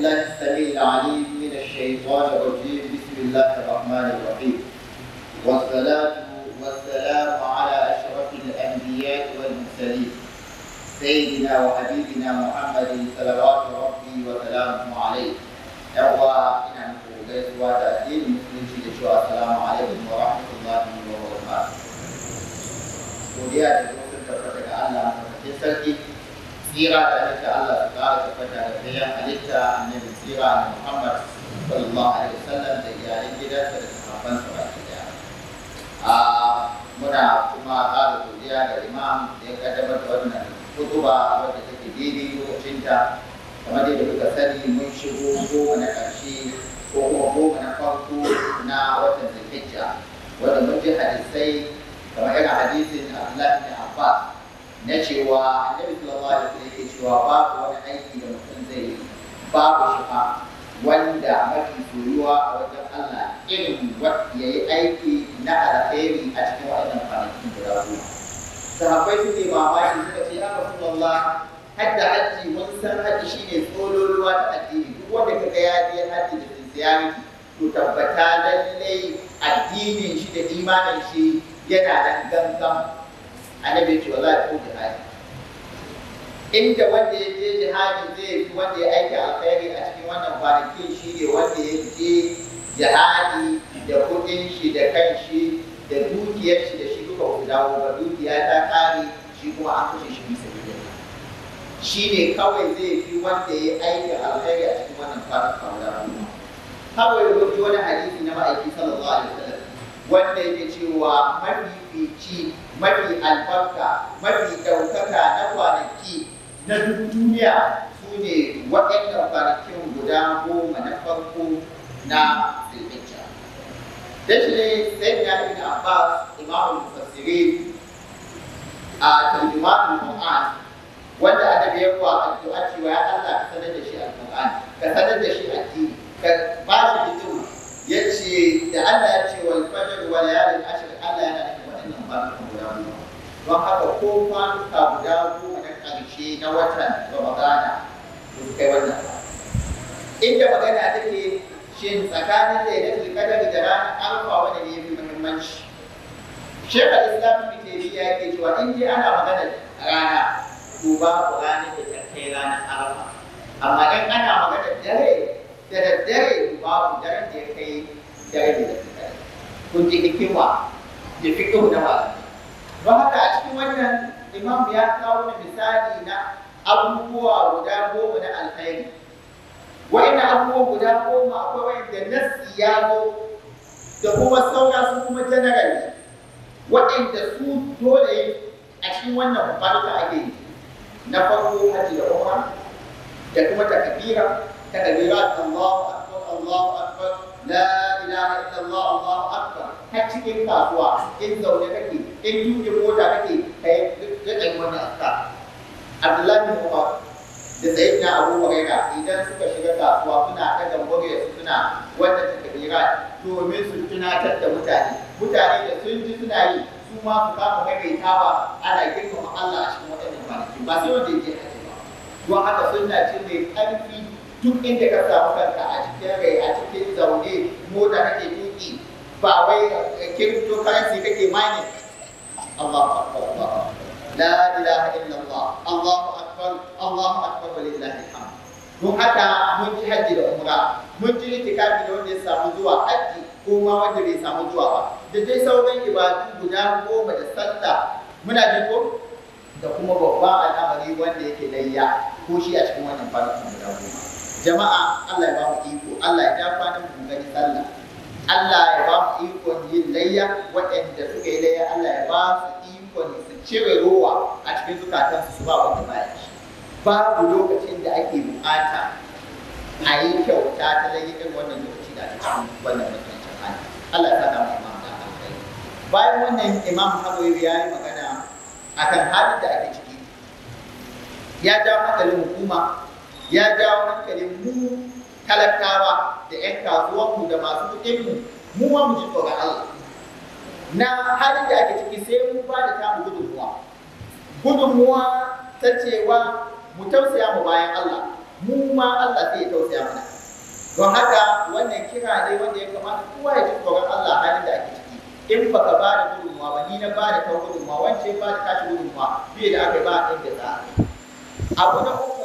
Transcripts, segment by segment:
بالله السميع العليم من الشيطان الرجيم بسم الله الرحمن الرحيم والصلاة والسلام على أشرف الأنبياء والمرسلين سيدنا وحبيبنا محمد صلوات ربي وسلامه عليه yawa ina muku وتأثير da addini musulunci da cewa assalamu alaikum wa rahmatullahi tsira da halitta Allah su kara da tsayin halitta annabi tsira na Muhammad sallallahu alaihi wasallam da iyalan gidansa da daya. muna kuma kara godiya ga imam da ya kaddamar da wannan hutuba wadda take daidai lokacinta kamar yadda kuka sani mun shigo goma na ƙarshe ko kuma goma na farko na watan Zulhijja wanda mun ji hadisai kamar irin hadisin Abdullahi bin Abbas na cewa annabi sallallahu alaihi wasallam yake cewa babu wani aiki da mutum zai yi babu shi ba wanda mafi soyuwa a wajen Allah irin ya yi aiki na alheri a cikin wannan kwanakin guda goma sahabbai ne mamaki suka ce ya rasulullah hadda haji mun san haji shine tsololuwa ta addini duk wanda kaga ya je haji da sincerity to tabbata lallai addinin shi da imanin shi yana da gangan annabi ce wallahi ku jihadi inda wanda ya je jihadi zai fi wanda ya aiki alkhairi a cikin wannan kwanakin shi ne wanda ya je jihadi da kudin shi da kan shi da dukiyar shi da shi duka ku dawo ba dukiya ta kare shi kuma an kashe shi bisa shi ne kawai zai fi wanda ya aiki alkhairi a cikin wannan kwanakin ku kawai rubuta wani hadisi na ma'aiki sallallahu alaihi wasallam wanda yake cewa fici. mafi albarka mafi ɗaukaka na kwanaki na duk duniya su ne waɗannan kwanakin guda goma na farko na zilhijja da ne sai ya yi na ba imamu a tarjumatul qur'an wanda annabi ya kuwa addu'a cewa ya Allah ka sanar da shi alqur'an ka sanar da shi addini ka ba shi ya ce da Allah ya ce wal fajr wa Allah yana da wannan barka don haka ko kwanuka guda goma na ƙarshe na watan ramadana ba su kai wannan ba inda magana take shin tsakanin da lailatul kada da ranar alfa wani ne yafi muhimmanci shekar islam ibn ya ke cewa in ji ana magana rana ko ba ku ranar da ta kai ranar alfa amma in ana magana dare da daddare babu daren da ya kai dare da daddare kun ji hikima da fiƙihu na malamai don haka a cikin wannan imam ya kawo misali na abubuwa guda goma na alkhairi wa'ina abubuwa guda goma akwai wa'inda nassi ya zo da kuma saura su kuma general wa'inda su dole a cikin wannan kwanuka ake yi na farko hajji da umar da kuma takabira takabira Allahu Allahu الله har cikin kasuwa in mota kake kai gaɗin Abdullahi bin Umar da Sayyidina Abu Huraira idan suka shiga kasuwa suna daga murya suna wannan takbira domin su tunatar da mutane mutane da sun ji suna yi su ma su kama maimaitawa ana girmama Allah a cikin waɗannan kwanaki ba sai wanda yake haji ba don haka sunna ce mai ƙarfi duk inda ka samu kanka a cikin rai a cikin zaune mota kake tuki ba wai kirito eh, karanci kake mani Allahu akbar Allahu akbar la ilaha illallah Allahu akbar Allahu akbar walillahi alhamd mun haka mun ji haji da umra mun ji itikafi da wanda ya samu zuwa haji ko ma wanda bai samu zuwa ba da dai sauran ibadu guda goma da sallah muna ji ko da kuma babban al'amari wanda yake layya ko shi a cikin wannan farkon guda goma jama'a Allah ya ba mu iko Allah ya dafa mu gani sallah Allah ya ba mu ikon yin layya waɗanda suka yi layya Allah ya ba su ikon su cire ruwa a cikin zukatansu su ba wanda ba shi babu lokacin da ake bukata a yi kyauta ta layya irin wannan lokaci da ake cikin wannan mutuncin hali Allah ya saka mu imam da alƙai bayan wannan imam Habawi ya yi magana akan halin da ake ciki ya da hankalin hukuma ya jawo hankalin mu talakawa da 'yan kasuwanmu da masu kuɗin mu ma mu ji tsoron Allah na halin da ake ciki sai mu ba da tamu gudunmuwa gudunmuwa ta cewa mu tausaya mu bayan Allah mu ma Allah zai tausaya mana don haka wannan kira ne wanda ya kamata kowa ya ji tsoron Allah halin da ake ciki in baka ba da gudunmuwa ba ni na ba da ta gudunmuwa wance ba da tashi gudunmuwa fiye da aka ba a ɗan da za a abu na uku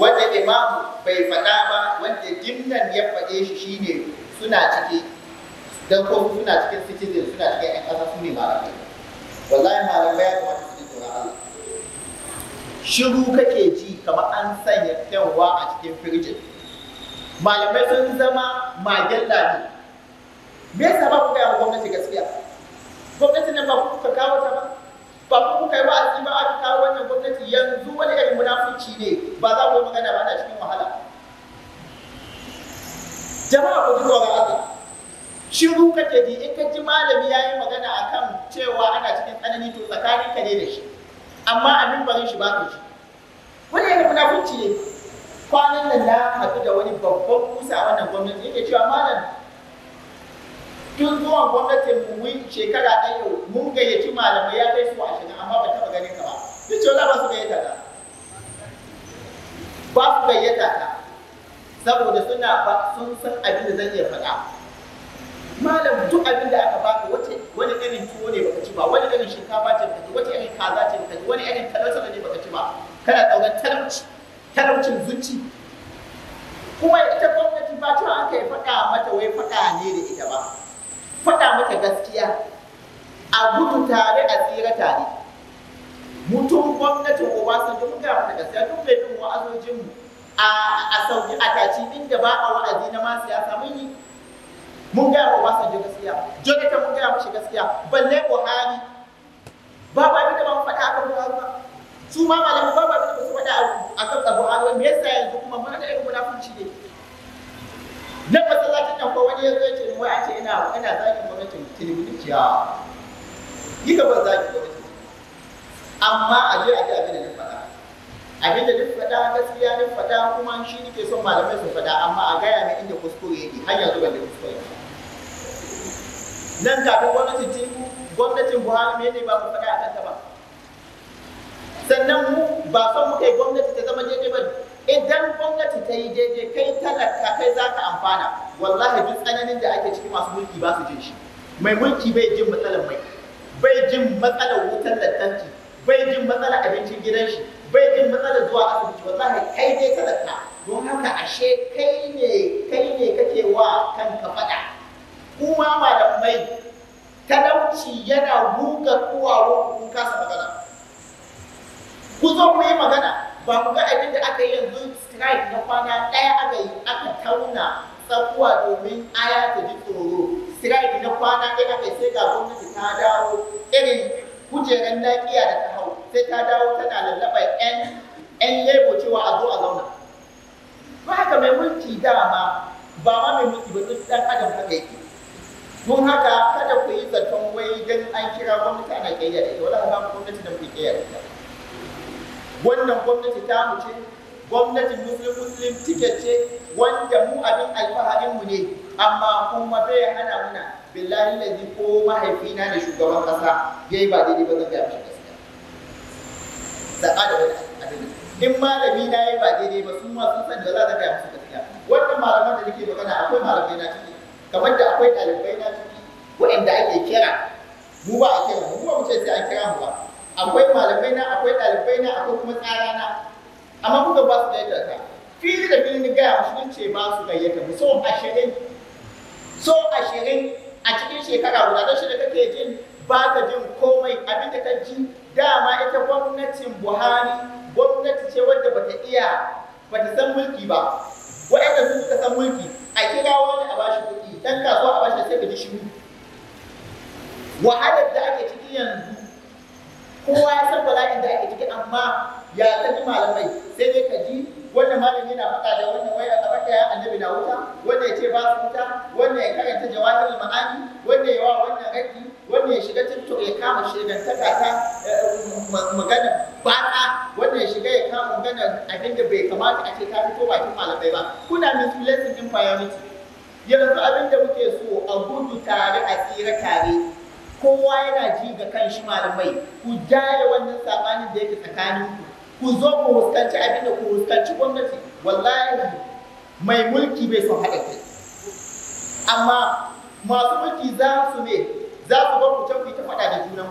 wanda imamu bai faɗa ba wanda jimlan ya faɗe shi shine suna ciki dan ko suna cikin citizen suna cikin ƴan ƙasa su ne malamai wallahi malamai ya kamata su ji tsoron Allah shiru kake ji kamar an sanya kyanwa a cikin firjin malamai sun zama magen lami me yasa ba ku gaya wa gwamnati gaskiya gwamnati ne ba kuka kawo ta ba ba ku kuka yi wa'azi ba aka kawo wannan gwamnati ya jama'a ku ji tsoron Allah shiru kake ji in ka ji malami ya yi magana a kan cewa ana cikin tsanani to tsakanin ka ne da shi amma a mimbarin shi ba ka ji wani yana munafunci ne kwanan nan na haɗu da wani babban kusa a wannan gwamnati yake cewa malam tun zuwan gwamnatin mu shekara ɗaya yau mun gayyaci malamai ya kai su ashirin amma ba taɓa ganin ka ba duk cewa ba su gayyata ta ba su gayyata ta saboda suna ba sun san abin da zan iya faɗa malam duk abin da aka baka wace wani irin tuwo ne baka ci ba wani irin shinkafa ce baka ci wace irin kaza ce baka ci wani irin talauci ne baka ci ba kana tsoron talauci talaucin zuci kuma ita gwamnati ba ta aka yi faɗa mata wai faɗa ne da ita ba faɗa mata gaskiya a gudu tare a tsira tare mutum gwamnatin obasanjo mun gaya mata gaskiya duk mai bin wa'azojinmu a sauki a taci inda ba a wa'azi na ma ya mun yi mun gaya wa Obasanjo gaskiya Jonathan mun gaya mashi gaskiya balle Buhari ba ba da ba mu faɗa akan Buhari ba su ma malamu ba ba da su faɗa akan Buhari me yasa yanzu kuma mun da irin munafunci ne na masallacin nan ko wani ya zo ya ce wai a ce ina ina zakin gwamnatin tilibin ciya yi gaba zakin gwamnati amma a je a ji abin da na faɗa abin da duk faɗa gaskiya ne faɗa kuma shi ne ke son malamai su faɗa amma a gaya ne inda kuskure yake har yanzu ban da kuskure nan kafin gwamnatin tinubu gwamnatin buhari ne ba mu faɗa a kanta ba sannan mu ba son muka yi gwamnati ta zama daidai ba idan gwamnati ta yi daidai kai talaka kai za ka amfana wallahi duk tsananin da ake ciki masu mulki ba su jin shi mai mulki bai jin matsalar mai bai jin matsalar wutar lantarki bai jin matsalar abincin gidan shi bai bin matsalar zuwa asibiti wallahi kai dai talaka don haka ashe kai ne kai ne kake wa kanka faɗa kuma malamai talauci yana buga kuwawo kun kasa magana ku zo ku yi magana ba ku ga abin da aka yi yanzu strike na kwana ɗaya aka yi aka tauna tsakuwa domin aya ta ji tsoro strike na kwana ɗaya aka yi sai ga gwamnati ta dawo irin kujerar lafiya da ta sai ta dawo tana lallaba yan yan lebo cewa a zo a zauna ba haka mai mulki dama ba ma mai mulki ba duk dan adam haka yake don haka kada ku yi zaton wai dan an kira gwamnati ana kiyaye da ita wala ba gwamnati da muke kiyaye da ita wannan gwamnati ta mu ce gwamnatin muslim muslim ticket ce wanda mu abin alfaharin mu ne amma kuma bai hana muna billahi lazi ko mahaifina da shugaban kasa yayi ba daidai ba zan ga shi zaka da wani abin in malami na yi ba daidai ba sun ma sun san da za ta gaya musu gaskiya wannan malaman da nake magana akwai malamai na ciki kamar da akwai ɗalibai na ciki waɗanda ake kira mu ba a kira mu ba mu ce sai a kira mu ba akwai malamai na akwai ɗalibai na akwai kuma tsara na amma kuka ba su gayyata ta fili da fili ni gaya musu in ce ba su gayyata mu so ashirin so ashirin a cikin shekara guda don shi da kake jin ba ta jin komai da ta ji dama ita gwamnatin buhari gwamnati ce wadda ba ta iya ba ta san mulki ba waɗanda sun suka san mulki a kira wani a bashi kuɗi ɗan kasuwa a bashi da sai ka ji shiru wahalar da ake ciki yanzu kowa ya san bala'in da ake ciki amma ya tafi malamai sai dai ka ji wannan malami yana faɗa da wannan wai a baka ya annabi na wuta wanda ya ce ba su wuta wannan ya karanta jawahirul ma'ani wannan ya wa wannan aiki wannan ya shiga tiktok ya kama shigantaka ta eh, eh, magana bata wannan ya shiga ya kama magana abin da bai kamata a ce ta fito bakin malamai ba kuna misulation din priority yanzu abin da muke so a gudu tare a tsira tare kowa yana ji ga kan shi malamai ku jaya wannan sabanin da yake tsakanin ku ku zo ku huskanci abin da ku huskanci gwamnati wallahi mai mulki bai son haɗa kai amma masu mulki za su ne za su bar ku can ku ta faɗa da junan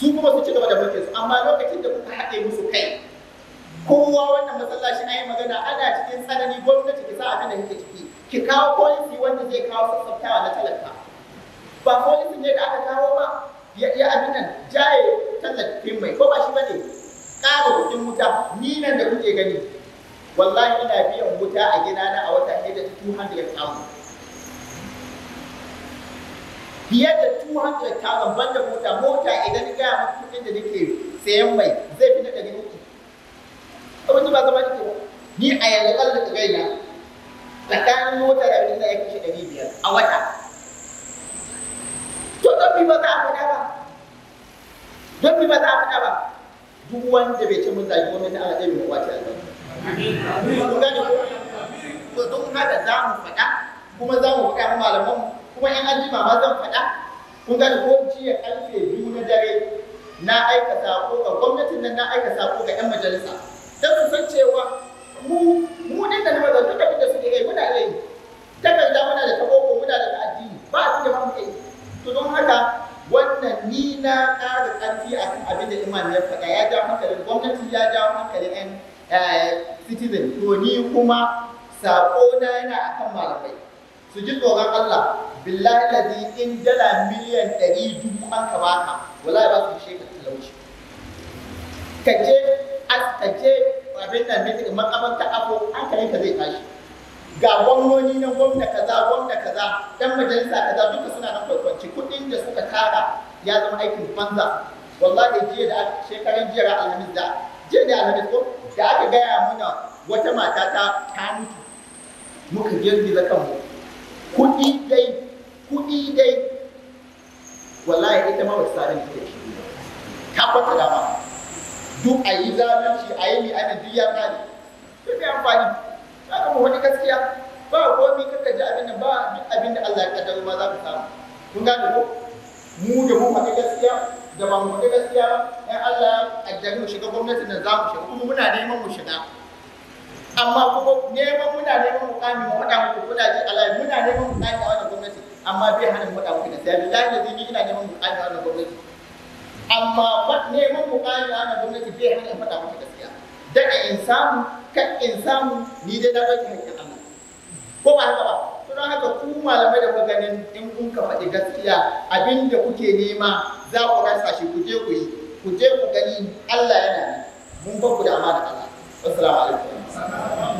su kuma su ci gaba da mulkin su amma lokacin da kuka haɗe musu kai kowa wannan masallaci na yi magana ana cikin tsanani gwamnati ki sa abin da yake ciki ki kawo policy wanda zai kawo sassaftawa na talaka ba policy ne da aka kawo ba ya abin nan jaye tallafin mai ko ba shi bane ƙara kuɗin wuta ni nan da kuke gani wallahi ina biyan wuta a gidana a wata ɗaya da 200 pounds fiye da 200,000 banda mota mota idan ya maka kudin da nake sayan mai zai fi na ɗari uku abin ba zama nake ba ni a yanzu ƙalla ta gaina tsakanin mota da abin da ya kashe 500 biyar a wata to don bi ba za a fada ba don bi ba za a fada ba duk wanda bai ce mun zagi gwamnati ana ɗaya mai wata yanzu Kuma To don haka za mu faɗa kuma za mu faɗa malaman mu kuma in an jima ma zan faɗa kun ga ko jiya karfe biyu na dare na aika sako ga gwamnatin nan na aika sako ga 'yan majalisa don su san cewa mu mu nan da na maza duk abin da suke yi muna iya yi takarda muna da taboko muna da addini ba su da mu kai to don haka wannan ni na ƙara ƙarfi a kan abin da imam ya faɗa ya ja hankalin gwamnati ya ja hankalin 'yan eh, citizen to ni kuma na yana akan malamai su ji tsoron Allah billahi ladhi in dala miliyan ɗari dubu an ka baka wallahi ba su shekar talauci ka je ka je abin nan ne ta abu kai ka zai tashi ga gwamnoni na gwamna kaza gwamna kaza dan majalisa kaza duka suna nan kwakwanci kuɗin da suka tara ya zama aikin banza wallahi jiya da shekarun jiya alhamis da jiya da alhamis ko da aka gaya muna wata mata ta ta mutu muka girgiza kanmu kuɗi dai kuɗi dai wallahi ita ma wasu tsarin da shi ta kwata dama duk a yi zalunci a yi li'ana duk ya kare sai mai amfani za ka wani gaskiya ba komi kaka ji abin da ba duk abin da Allah ya kaddara ma za ku samu kun gane ko mu da mu faɗi gaskiya da ba mu faɗi gaskiya ba Allah ya kaddara mu shiga gwamnati da za mu shiga kuma muna neman mu shiga amma kuma neman muna neman mukami mu wada muku kuna ji alai muna neman mukami a wannan gwamnati amma bai hana mu wada muku da sai billahi da ni ina neman mukami a wannan gwamnati amma neman mukami a wannan gwamnati bai hana mu wada muku gaskiya daga in samu kan in samu ni dai na dauki hakkin Allah ko ba haka ba to don haka ku malamai da kuka ganin in kun ka faɗi gaskiya abinda kuke nema za ku rasa shi ku je ku yi ku je ku gani Allah yana mun ba ku da amana Allah والسلام عليكم